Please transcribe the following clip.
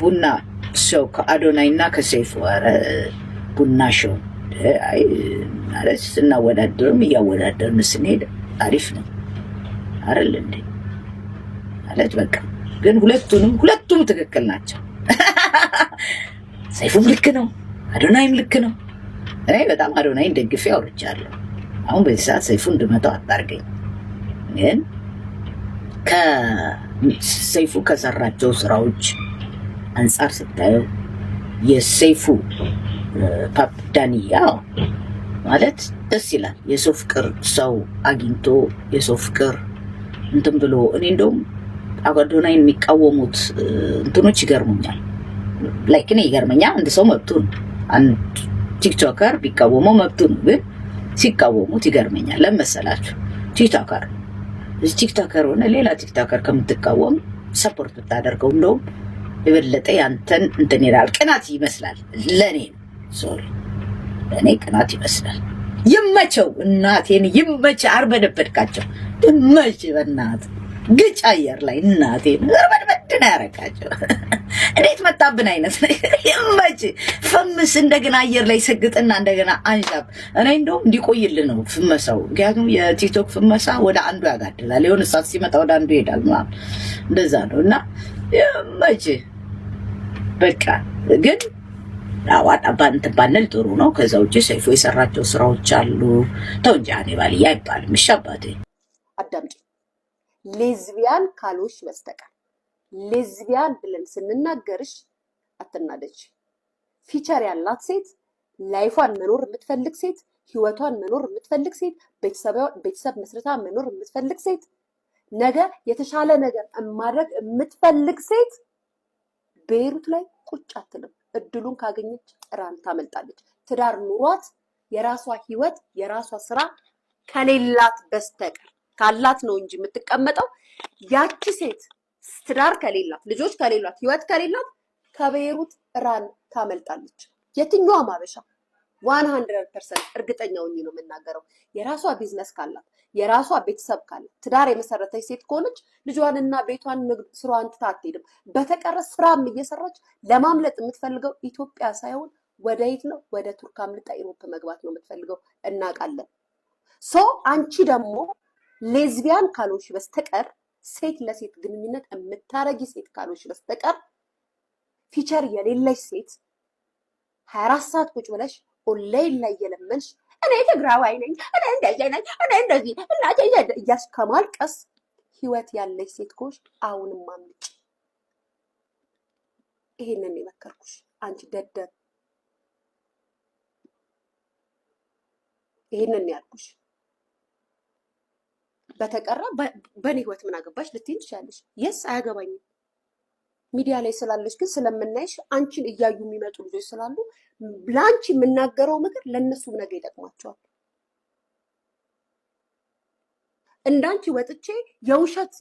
ቡና ሰው ከአዶናይ እና ከሰይፉ ኧረ ቡና ሸው ማለት ስናወዳደርም እያወዳደርን ስንሄድ አሪፍ ነው አይደል እንዴ? ማለት በቃ ግን ሁለቱንም ሁለቱም ትክክል ናቸው። ሰይፉም ልክ ነው፣ አዶናይም ልክ ነው። እኔ በጣም አዶናይን ደግፌ አውርቻለሁ። አሁን በዚህ ሰዓት ሰይፉ እንድመጣው አታርገኝ። ግን ከሰይፉ ከሰራቸው ስራዎች አንጻር ስታየው የሰይፉ ፓፕ ማለት ደስ ይላል። የሰው ፍቅር ሰው አግኝቶ የሰው ፍቅር እንትን ብሎ እኔ እንደውም አዶናይን የሚቃወሙት እንትኖች ይገርሙኛል። ላይክ እኔ ይገርመኛል። አንድ ሰው መብቱ ነው። አንድ ቲክቶከር ቢቃወመው መብቱ ነው። ግን ሲቃወሙት ይገርመኛል። ለመሰላችሁ ቲክቶከር ቲክቶከር ሆነ ሌላ ቲክቶከር ከምትቃወም ሰፖርት ብታደርገው እንደውም የበለጠ ያንተን እንትን ይላል። ቅናት ይመስላል ለእኔ ሶሪ፣ ለእኔ ቅናት ይመስላል። ይመቸው፣ እናቴን ይመች። አርበደበድካቸው፣ ይመች። በእናት ግጭ አየር ላይ እናቴን እርበድበድ ነው ያረካቸው። እንዴት መጣብን አይነት ይመች። ፍምስ እንደገና አየር ላይ ሰግጥና እንደገና አንሻብ። እኔ እንደውም እንዲቆይል ነው ፍመሳው። ምክንያቱም የቲክቶክ ፍመሳ ወደ አንዱ ያጋድላል። የሆነ ሰዓት ሲመጣ ወደ አንዱ ይሄዳል። እንደዛ ነው እና ይመች በቃ ግን እንትን ባንል ጥሩ ነው። ከዛ ውጭ ሰይፎ የሰራቸው ስራዎች አሉ። ተው እንጂ ባልያ አይባልም። እሺ አዳምጪ። ሌዝቢያን ካሎች በስተቀር ሌዝቢያን ብለን ስንናገርሽ አትናደች። ፊቸር ያላት ሴት፣ ላይፏን መኖር የምትፈልግ ሴት፣ ህይወቷን መኖር የምትፈልግ ሴት፣ ቤተሰብ መስርታ መኖር የምትፈልግ ሴት፣ ነገ የተሻለ ነገር ማድረግ የምትፈልግ ሴት ቤይሩት ላይ ቁጭ አትልም። እድሉን ካገኘች ጥራን ታመልጣለች። ትዳር ኑሯት የራሷ ህይወት የራሷ ስራ ከሌላት በስተቀር ካላት ነው እንጂ የምትቀመጠው ያቺ ሴት ትዳር ከሌላት፣ ልጆች ከሌላት፣ ህይወት ከሌላት ከቤይሩት ራን ታመልጣለች። የትኛዋም አበሻ ዋን ሀንድረድ ፐርሰንት እርግጠኛ ሆኜ ነው የምናገረው። የራሷ ቢዝነስ ካላት፣ የራሷ ቤተሰብ ካላት፣ ትዳር የመሰረተች ሴት ከሆነች ልጇንና ቤቷን ንግድ ስሯን ትታ አትሄድም። በተቀረ ስራም እየሰራች ለማምለጥ የምትፈልገው ኢትዮጵያ ሳይሆን ወደ የት ነው? ወደ ቱርክ አምልጣ ኢሮፕ መግባት ነው የምትፈልገው። እናውቃለን። ሶ አንቺ ደግሞ ሌዝቢያን ካልሆንሽ በስተቀር ሴት ለሴት ግንኙነት የምታረጊ ሴት ካልሆንሽ በስተቀር ፊቸር የሌለች ሴት ሀያ አራት ሰዓት ቁጭ ብለሽ ሁሌ እየለመንሽ እኔ ትግራዋይ ነኝ፣ እኔ እንደዚህ ነኝ፣ እኔ እንደዚህ እናቴ እያልሽ ከማልቀስ ህይወት ያለች ሴት ከሆንሽ አሁንም አምልጭ። ይሄንን የመከርኩሽ አንቺ ደደብ፣ ይሄንን ያልኩሽ። በተቀራ በእኔ ህይወት ምን አገባሽ ልትይኝ ትችያለሽ። የስ አያገባኝም ሚዲያ ላይ ስላለች ግን ስለምናይሽ አንቺን እያዩ የሚመጡ ልጆች ስላሉ ለአንቺ የምናገረው ምክር ለእነሱም ነገር ይጠቅማቸዋል። እንዳንቺ ወጥቼ የውሸት